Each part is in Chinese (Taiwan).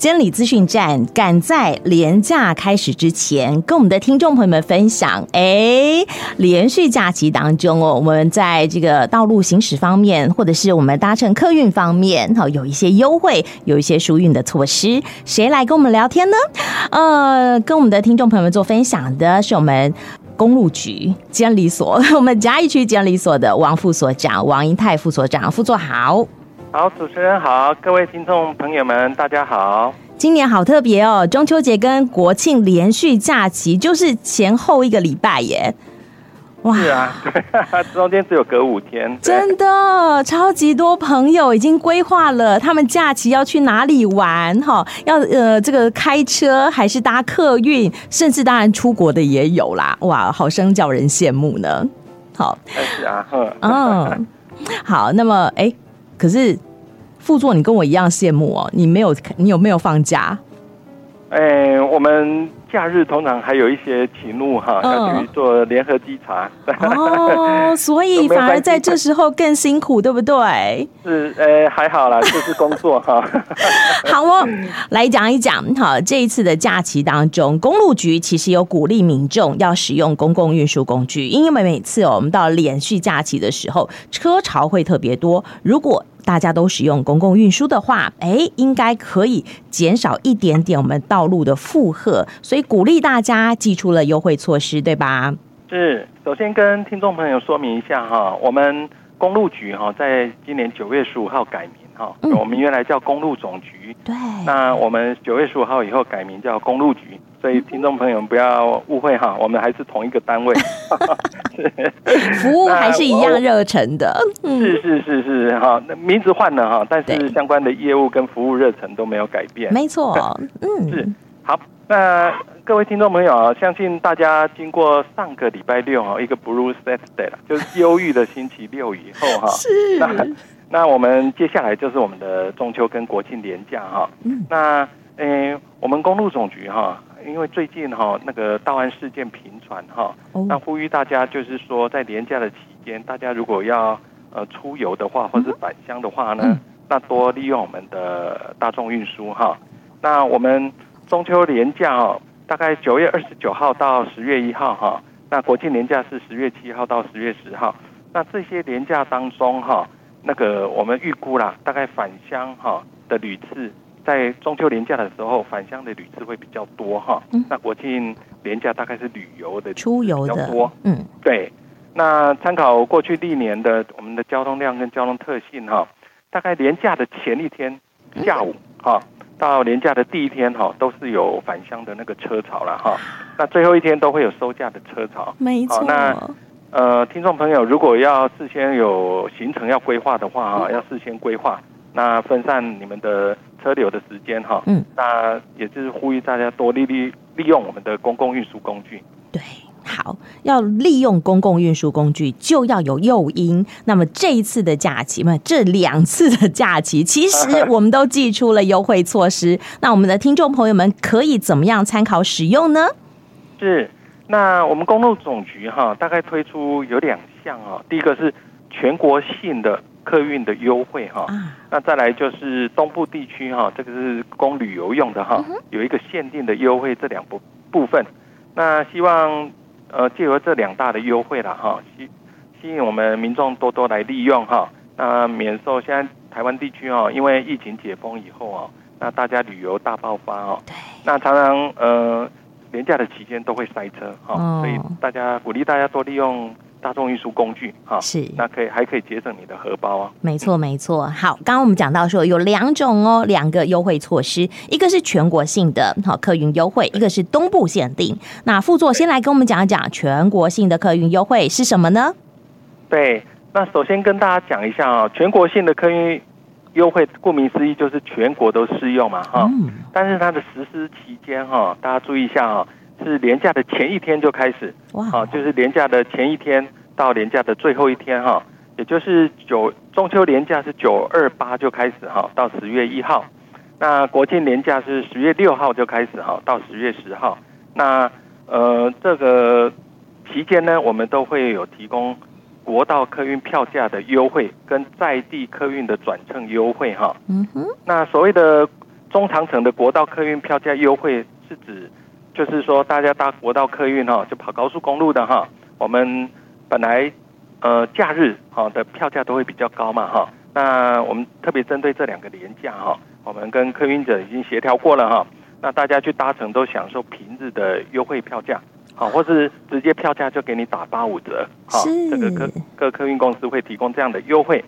監理資訊站趕在連假開始之前，跟我們的聽眾朋友們分享：哎、欸，連續假期當中哦，我們在這個道路行駛方面，或者是我們搭乘客運方面，好有一些優惠，有一些疏運的措施。誰來跟我們聊天呢？呃，跟我們的聽眾朋友們做分享的是我們公路局監理所，我們嘉義區監理所的王副所長王英泰副所長，副座好。好，主持人好，各位聽眾朋友們，大家好。今年好特別哦，中秋節跟國慶連續假期，就是前後一個禮拜耶。哇，是啊，對，中間只有隔五天。真的，超級多朋友已經規劃了他們假期要去哪裡玩哈，要呃這個開車還是搭客運，甚至當然出國的也有啦。哇，好生叫人羨慕呢。好，開始啊賀。呵嗯，好，那麼哎、欸，可是。副座，你跟我一樣羨慕哦。你沒有，你有沒有放假？哎、欸，我們假日通常還有一些勤務哈，要去做聯合稽查。嗯、 哦，所以反而在這時候更辛苦，對不對？是，哎、欸，還好啦，這、就是工作哈。 好哦，來講一講。好，這一次的假期當中，公路局其實有鼓勵民眾要使用公共運輸工具，因為每次我們到連續假期的時候，車潮會特別多。如果大家都使用公共運輸的話，哎、欸，應該可以減少一點點我們道路的負荷，所以鼓勵大家祭出了優惠措施，對吧？是，首先跟聽眾朋友說明一下哈，我們公路局哈，在今年九月十五號改名哈，我們原來叫公路總局，嗯、對，那我們九月十五號以後改名叫公路局。所以，聽眾朋友們不要誤會哈，我們還是同一個單位， 服務還是一樣熱忱的。 我 是是是是哈，名字換了哈，但是相關的業務跟服務熱忱都沒有改變。對 沒錯，嗯， 是好。那各位聽眾朋友啊，相信大家經過上個禮拜六哈、啊，一個 Blue Saturday 就是憂鬱的星期六以後哈、啊。 是那。那我們接下來就是我們的中秋跟國慶連假哈、啊。嗯那嗯、欸，我們公路總局哈、啊。因為最近哈，那個道安事件頻傳哈，那呼籲大家就是說在連假的期間，大家如果要呃出遊的話，或是返鄉的話呢，那多利用我們的大眾運輸哈。那我們中秋連假大概九月二十九號到十月一號哈。那國慶連假是十月七號到十月十號。那這些連假當中哈，那個我們預估了大概返鄉哈的旅次。在中秋連假的時候，返鄉的旅次會比較多哈。嗯、那國慶連假大概是旅遊的出遊的比較多，嗯，對。那參考過去歷年的我們的交通量跟交通特性哈，大概連假的前一天下午哈，嗯、到連假的第一天哈，都是有返鄉的那個車潮了哈。那最後一天都會有收假的車潮，沒錯。好，那呃，聽眾朋友如果要事先有行程要規劃的話，嗯、要事先規劃，那分散你們的。車流的時間哈，嗯，那也就是呼籲大家多利利利用我們的公共運輸工具。對，好，要利用公共運輸工具就要有誘因。那麼這一次的假期，不，這兩次的假期，其實我們都祭出了優惠措施。 那我們的聽眾朋友們可以怎麼樣參考使用呢？是，那我們公路總局哈，大概推出有兩項啊，第一個是全國性的。客運的優惠哈，那再來就是東部地區哈，這個是供旅遊用的哈，有一個限定的優惠，這兩部部分。那希望呃，借由這兩大的優惠啦，哈，吸吸引我們民眾多多來利用哈。那免受現在台灣地區哦，因為疫情解封以後啊那大家旅遊大爆發哦，那常常呃連假的期間都會塞車哈，所以大家鼓勵大家多利用。大眾運輸工具，哈是，是、啊，那可以還可以節省你的荷包啊。沒錯，沒錯。好，剛剛我們講到說有兩種哦，兩個優惠措施，一個是全國性的，好、哦，客運優惠；一個是東部限定。那副座先來跟我們講一講全國性的客運優惠是什麼呢？對，那首先跟大家講一下啊、哦，全國性的客運優惠，顧名思義就是全國都適用嘛，哈、嗯。但是它的實施期間哈、哦，大家注意一下啊、哦，是連假的前一天就開始。哇。好、啊，就是連假的前一天。到連假的最後一天哈，也就是九，中秋連假是九二八就開始哈，到十月一號。那國慶連假是十月六號就開始哈，到十月十號。那呃，這個期間呢，我們都會有提供國道客運票價的優惠，跟在地客運的轉乘優惠哈。嗯哼。那所謂的中長程的國道客運票價優惠，是指就是說大家搭國道客運哈，就跑高速公路的哈，我們。本來，呃，假日哈，哦，的票價都會比較高嘛哈，哦。那我們特別針對這兩個連假哈，我們跟客運者已經協調過了哈，哦。那大家去搭乘都享受平日的優惠票價，好，哦，或是直接票價就給你打八五折，哈，哦，是這個各各客運公司會提供這樣的優惠。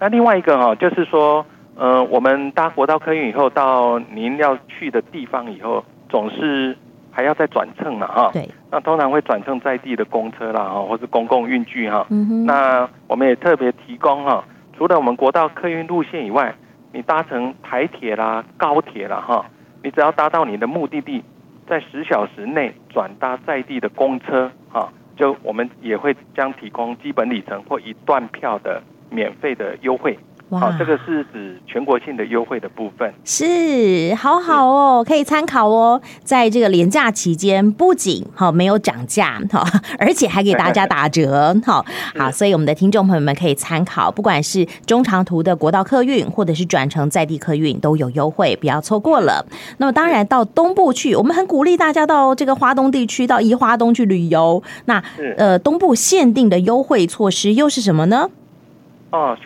那另外一個哈，哦，就是說，呃，我們搭國道客運以後到您要去的地方以後，總是還要再轉乘嘛哈。哦，對。那通常會轉乘在地的公車啦，哈，或是公共運具哈。嗯哼，那我們也特別提供哈，除了我們國道客運路線以外，你搭乘台鐵啦、高鐵啦，哈，你只要搭到你的目的地，在十小時內轉搭在地的公車，啊，就我們也會將提供基本里程或一段票的免費的優惠。好，哇這個是指全國性的優惠的部分，是好好哦，可以參考哦，在這個連假期間，不僅哈沒有漲價哈，而且還給大家打折哈。 是好，所以我們的聽眾朋友們可以參考，不管是中長途的國道客運或者是轉乘在地客運都有優惠，不要錯過了。那麼當然到東部去，我們很鼓勵大家到這個花東地區，到宜花東去旅遊。那是呃，東部限定的優惠措施又是什麼呢？哦，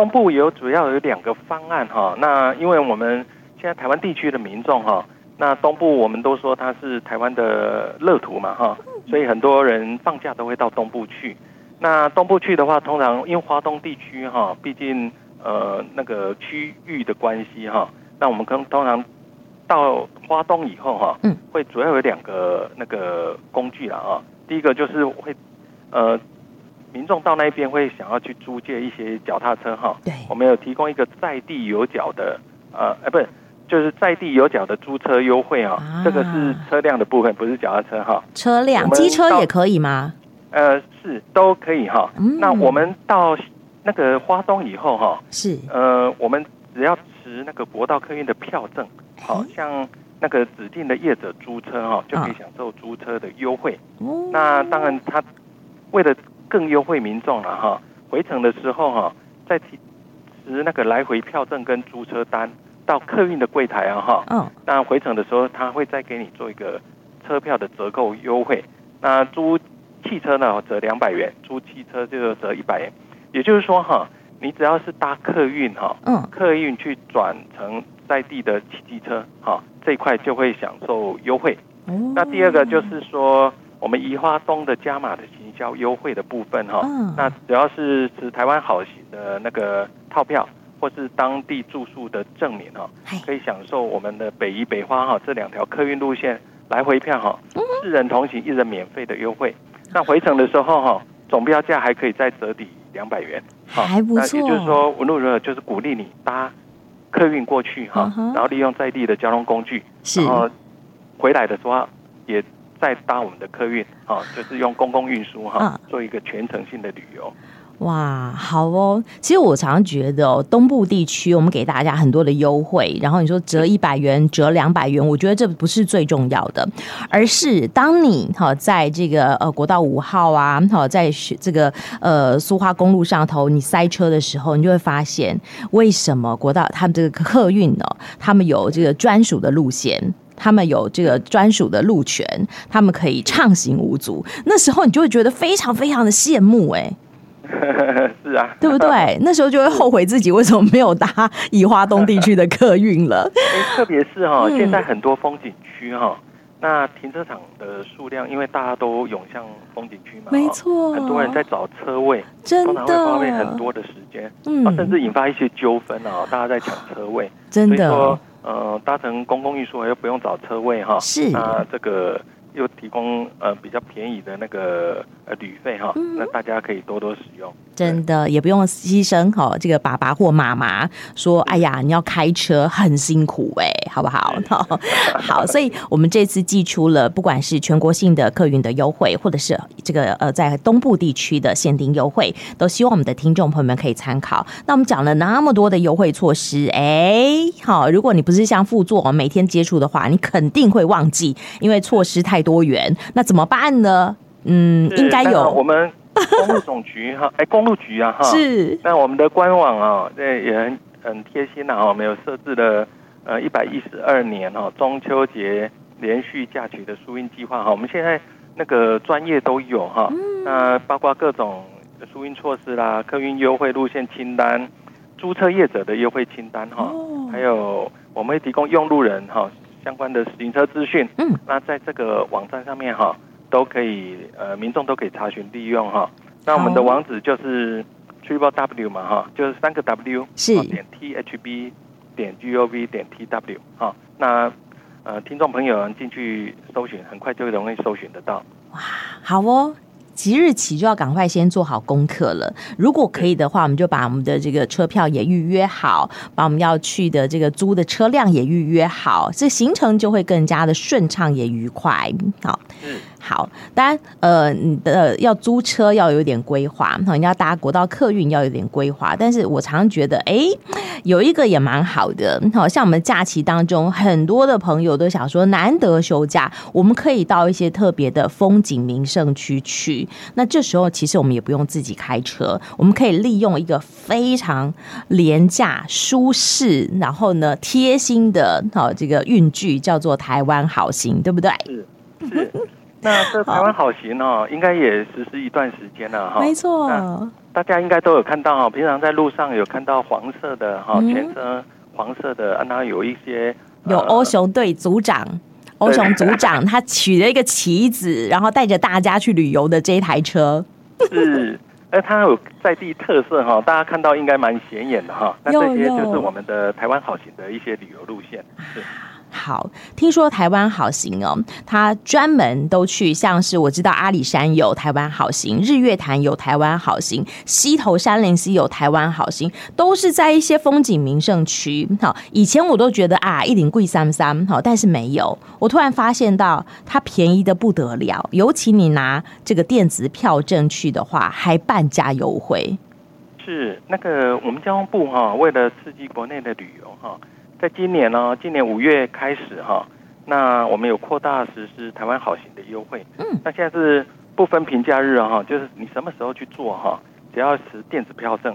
東部有主要有兩個方案哈、啊，那因為我們現在台灣地區的民眾哈、啊，那東部我們都說它是台灣的樂土嘛哈、啊，所以很多人放假都會到東部去。那東部去的話，通常因為花東地區哈、啊，畢竟呃那個區域的關係哈、啊，那我們可能通常到花東以後哈，嗯，會主要有兩個那個工具了啊、啊，第一個就是會呃。民眾到那邊會想要去租借一些腳踏車哈，對我們有提供一個在地有腳的呃，呃不是，就是在地有腳的租車優惠哈，呃啊、這個是車輛的部分，不是腳踏車哈。呃、車輛輛機車也可以嗎？呃，是都可以哈。呃嗯、那我們到那個花東以後哈，呃是呃，我們只要持那個國道客運的票證，好、呃、像那個指定的業者租車哈，呃啊、就可以享受租車的優惠。嗯、那當然，他為了。更優惠民眾了哈，回程的時候哈、啊，在提持那個來回票證跟租車單到客運的櫃檯啊哈，嗯、啊，oh. 那回程的時候他會再給你做一個車票的折扣優惠。那租汽車呢，折兩百元；租汽車就是折一百元。也就是說哈、啊，你只要是搭客運哈、啊，嗯，oh. 客運去轉乘在地的汽機車哈、啊，這一塊就會享受優惠。Oh. 那第二個就是說，我們宜花東的加碼的。較優惠的部分哈，那只要是持台灣好行的那個套票，或是當地住宿的證明哈，可以享受我們的北宜北花哈這兩條客運路線來回票哈，四人同行一人免費的優惠。那回程的時候哈，總票價還可以再折抵兩百元，還不錯。那也就是說，無論如何就是鼓勵你搭客運過去哈，然後利用在地的交通工具，然後回來的時候也再搭我們的客運、啊，就是用公共運輸哈，啊啊、做一個全程性的旅遊。哇，好哦！其實我常覺得、哦、東部地區我們給大家很多的優惠，然後你說折一百元、折兩百元，我覺得這不是最重要的，而是當你哈在這個呃國道五號啊，好在這個呃蘇花公路上頭你塞車的時候，你就會發現為什麼國道他們這個客運呢、哦，他們有這個專屬的路線。他們有這個專屬的路權，他們可以暢行無阻。那時候你就會覺得非常非常的羨慕哎、欸， 是啊，對不對？那時候就會後悔自己為什麼沒有搭宜花東地區的客運了。 欸、特別是哈、哦，嗯、現在很多風景區哈、哦，那停車場的數量，因為大家都湧向風景區嘛、哦，沒錯，很多人在找車位，真的，通常會花費很多的時間、嗯啊，甚至引發一些糾紛哦，大家在搶車位，真的。呃，搭乘公共運輸又不用找車位哈，是啊，這個。又提供呃比較便宜的那個呃旅費哈、哦，那大家可以多多使用。真的也不用犧牲哈、哦，這個爸爸或媽媽說：“嗯、哎呀，你要開車很辛苦哎、欸，好不好對、哦？”好，所以我們這次祭出了不管是全國性的客運的優惠，或者是這個呃在東部地區的限定優惠，都希望我們的聽眾朋友們可以參考。那我們講了那麼多的優惠措施，哎、欸，好、哦，如果你不是像副座每天接觸的話，你肯定會忘記，因為措施太多。多元，那怎麼辦呢？嗯，是應該有我們公路總局哈， 哎，公路局啊哈。是，那我們的官網啊，這也很很貼心吶、啊、哈，我們有設置了呃一百一十二年哈、啊、中秋節連續假期的疏運計劃哈，我們現在那個專頁都有哈、啊，嗯、那包括各種疏運措施啦、客運優惠路線清單、租車業者的優惠清單哈、啊，哦、還有我們會提供用路人哈、啊。相關的行車資訊，嗯，那在這個網站上面哈，都可以呃，民眾都可以查詢利用哈。哦哦、那我們的網址就是 triple W 嘛哈，就是三個 W，是點 thb 點 gov 點 tw 哈，那呃，聽眾朋友進去搜尋，很快就容易搜尋得到。哇，好哦。即日起就要趕快先做好功課了。如果可以的話，我們就把我們的這個車票也預約好，把我們要去的這個租的車輛也預約好，這個行程就會更加的順暢也愉快。好。好，當然，呃，你的要租車要有點規劃，你要搭國道客運要有點規劃。但是我常常覺得，哎、欸，有一個也蠻好的，好像我們假期當中，很多的朋友都想說，難得休假，我們可以到一些特別的風景名勝區去。那這時候，其實我們也不用自己開車，我們可以利用一個非常廉價、舒適，然後呢貼心的，好，這個運具叫做台灣好行，對不對？ 那這台灣好行哦、喔，應該也實施一段時間了哈。沒錯，大家應該都有看到、喔、平常在路上有看到黃色的哈，全車黃色的，然後有一些、呃、有歐熊隊組長，歐熊對 組長他取了一個旗子，然後帶着大家去旅遊的這一台車 是，哎，他有在地特色哈、喔，大家看到應該蠻顯眼的哈、喔。那這些就是我們的台灣好行的一些旅遊路線是。好，聽說台灣好行哦、喔，他專門都去，像是我知道阿里山有台灣好行，日月潭有台灣好行，溪頭山林寺有台灣好行，都是在一些風景名勝區。以前我都覺得啊，一定貴三三，好，但是沒有，我突然發現到它便宜得不得了，尤其你拿這個電子票證去的話，還半價優惠。是那個我們交通部哈、啊，為了刺激國內的旅遊哈、啊。在今年呢、哦，今年五月開始哈、哦，那我們有擴大實施台灣好行的優惠。嗯。那現在是不分平假日哈、哦，就是你什麼時候去做哈、哦，只要持電子票證，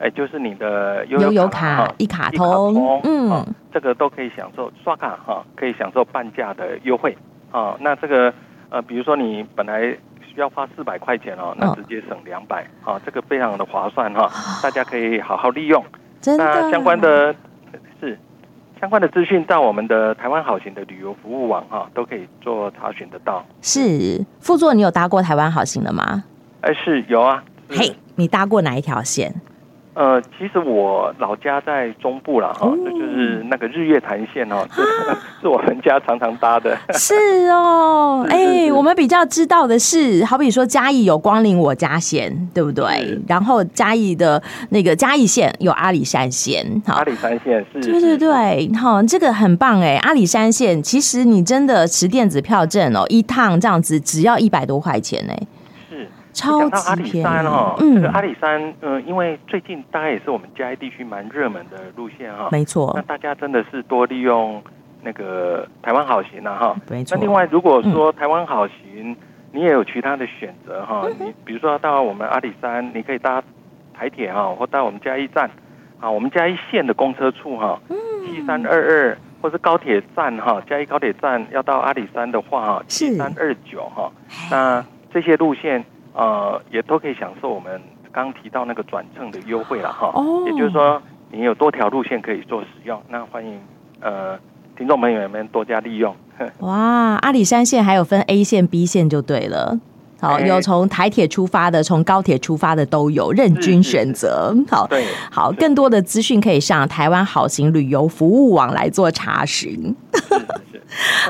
哎、欸，就是你的悠遊卡、卡、啊、一卡通，嗯，這個都可以享受刷卡哈、哦，可以享受半價的優惠。啊，那這個呃，比如說你本來需要花四百塊錢哦，那直接省兩百、哦，啊，這個非常的划算哈，大家可以好好利用。真的、啊。那相關的是。相關的資訊到我們的台灣好行的旅遊服務網哈，都可以做查詢得到。是副座，你有搭過台灣好行的嗎？哎、欸，是有啊。嘿，hey，你搭過哪一條線？呃，其實我老家在中部啦，哈，哦，就，就是那個日月潭線哦、喔，是 是我們家常常搭的。是哦，哎、 欸，我們比較知道的是，好比說嘉義有光林我嘉線，對不對？是然後嘉義的那個嘉義縣有阿里山線，好，阿里山線是，是，對對對，好，喔，這個很棒哎、欸，阿里山線其實你真的持電子票證哦、喔，一趟這樣子只要一百多塊錢哎、欸。講到阿里山哈、哦，嗯，這個阿里山，嗯，因為最近大概也是我們嘉義地區蠻熱門的路線哈、哦，沒錯錯。那大家真的是多利用那個台灣好行啦、啊、哈、哦，沒錯錯。那另外如果說台灣好行，嗯、你也有其他的選擇哈、哦，嗯、你比如說到我們阿里山，你可以搭台鐵哈、哦，或到我們嘉義站啊，我們嘉義線的公車處哈、哦，七三二二，2, 或是高鐵站哈、哦，嘉義高鐵站要到阿里山的話哈、哦，七三二九哈，是那這些路線。呃，也都可以享受我們剛提到那個轉乘的優惠了哈。哦，也就是說，你有多條路線可以做使用，那歡迎呃聽眾朋友們有有多加利用。哇，阿里山線還有分 A 線、B 線就對了。好，哎、有從台鐵出發的，從高鐵出發的都有，任君選擇。是是好，對，好，是更多的資訊可以上台灣好行旅遊服務網來做查詢。是是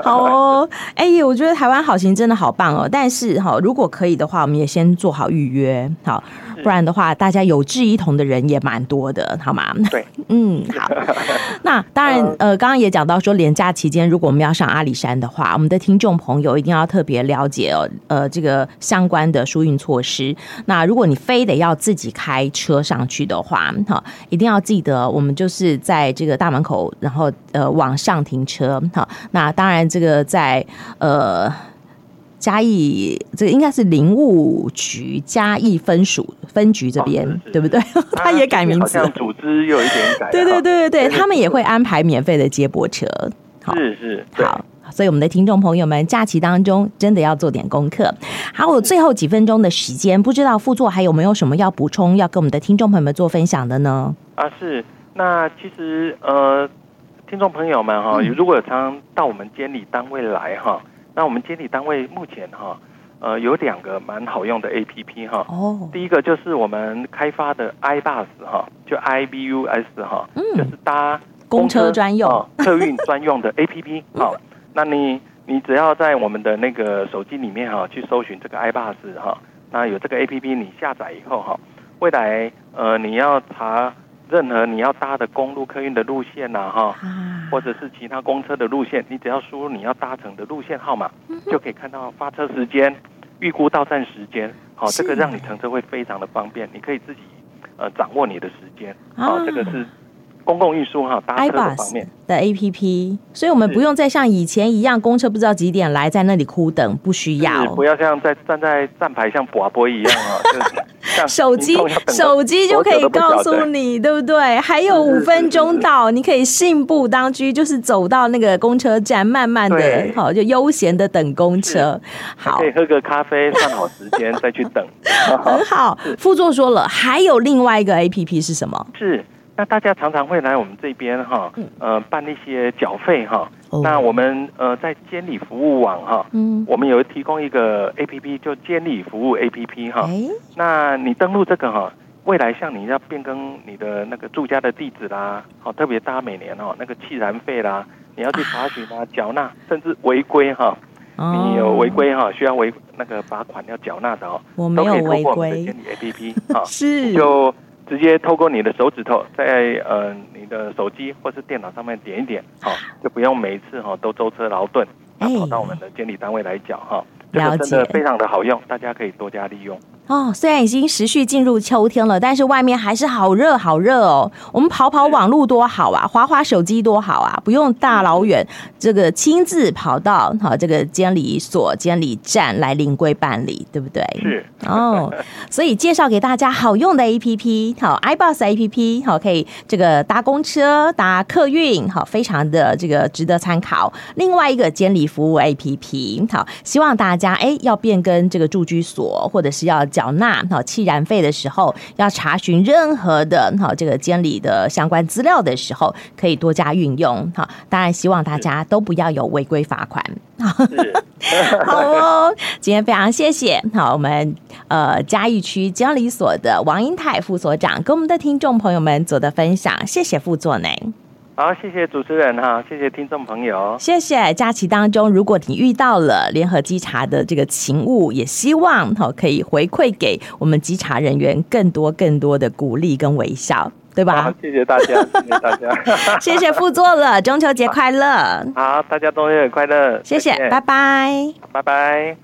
好、哦，哎、欸，我覺得台灣好行，真的好棒哦。但是，哈，如果可以的話，我們也先做好預約，好。不然的話，大家有志一同的人也蠻多的，好嗎？對， 嗯，好。那當然，呃，剛剛也講到說，連假期間，如果我們要上阿里山的話，我們的聽眾朋友一定要特別了解哦，呃，這個相關的疏運措施。那如果你非得要自己開車上去的話，哈，一定要記得，我們就是在這個大門口，然後呃往上停車。哈，那當然，這個在呃。嘉義，這個應該是林務局嘉義分署分局這邊，哦、對不對？啊、 他也改名字，好像組織又有一點改 對。對對對對他們也會安排免費的接駁車。是是，是，好，對所以我們的聽眾朋友們，假期當中真的要做點功課。還有最後幾分鐘的時間，不知道副座還有沒有什麼要補充，要跟我們的聽眾朋友們做分享的呢？啊，是，那其實呃，聽眾朋友們哈、哦，嗯、如果有常到我們監理單位來哈、哦。那我們監理單位目前哈、啊，呃有兩個蠻好用的 A P P、啊、哈。哦。Oh. 第一個就是我們開發的 iBus 哈、啊，就 i b u、啊、s 哈、嗯， 就是搭公車,公車專用、客、哦、運專用的 A P P 那你你只要在我們的那個手機裡面哈、啊，去搜尋這個 iBus 哈、啊，那有這個 A P P 你下載以後哈、啊，未來呃你要查。任何你要搭的公路客運的路線吶，哈，或者是其他公車的路線，你只要輸入你要搭乘的路線號碼， 就可以看到發車時間、預估到站時間，好、啊，這個讓你乘車會非常的方便，你可以自己呃掌握你的時間，好、啊，這個是。公共運輸哈，搭車方面，iBus 的 A P P，所以我們不用再像以前一樣，公車不知道幾點來，在那裡枯等，不需要，不要像在站在站牌像寡婦一樣啊。手機手機就可以告訴你，對不對？還有五分鐘到，你可以信步當居，就是走到那個公車站，慢慢的好，就悠閒的等公車。好，可以喝個咖啡，算好時間再去等。很好。副座說了，還有另外一個 A P P 是什麼？是。那大家常常會來我們這邊哈、哦，嗯、呃，辦一些繳費哈、哦。哦、那我們呃，在監理服務網哈、哦，嗯，我們有提供一個 A P P，就監理服務 A P P、哦、哈。哎、那你登錄這個哈、哦，未來像你要變更你的那個住家的地址啦，好、哦，特別大家每年哦，那個汽燃費啦，你要去查詢啦、啊、繳納，甚至違規哈、哦，哦、你有違規哈、哦，需要違那個罰款要繳納的哦。我沒有違規。都可以通過我們的監理 A P P 哈。是、哦、就。直接透過你的手指頭在，在呃你的手機或是電腦上面點一點，好、哦，就不用每一次哈、哦、都舟車勞頓、啊欸、跑到我們的監理單位來繳哈、哦，這個真的非常的好用，了解。大家可以多加利用。哦，雖然已經持續進入秋天了，但是外面還是好熱好熱哦。我們跑跑網路多好啊，滑滑手機多好啊，不用大老遠這個親自跑到哈這個監理所、監理站來臨櫃辦理，對不對？是。哦，所以介紹給大家好用的 APP，好 iBus APP，好可以這個搭公車、搭客運，好非常的這個值得參考。另外一個監理服務 APP，好，希望大家哎、欸、要變更這個住居所或者是要。繳納好汽燃費的時候，要查詢任何的哈這個監理的相關資料的時候，可以多加運用哈。當然，希望大家都不要有違規罰款。是 好哦，今天非常謝謝 好，我們呃嘉義區監理所的王英泰副所長給我們的聽眾朋友們做的分享，謝謝副座呢。好，謝謝主持人哈，謝謝聽眾朋友，謝謝假期當中，如果你遇到了聯合稽查的這個勤務，也希望哈可以回饋給我們稽查人員更多更多的鼓勵跟微笑，對吧？好，謝謝大家， 謝謝大家，謝謝傅座了， 中秋節快樂！好，好，大家中秋節快樂，謝謝，見拜拜，拜拜。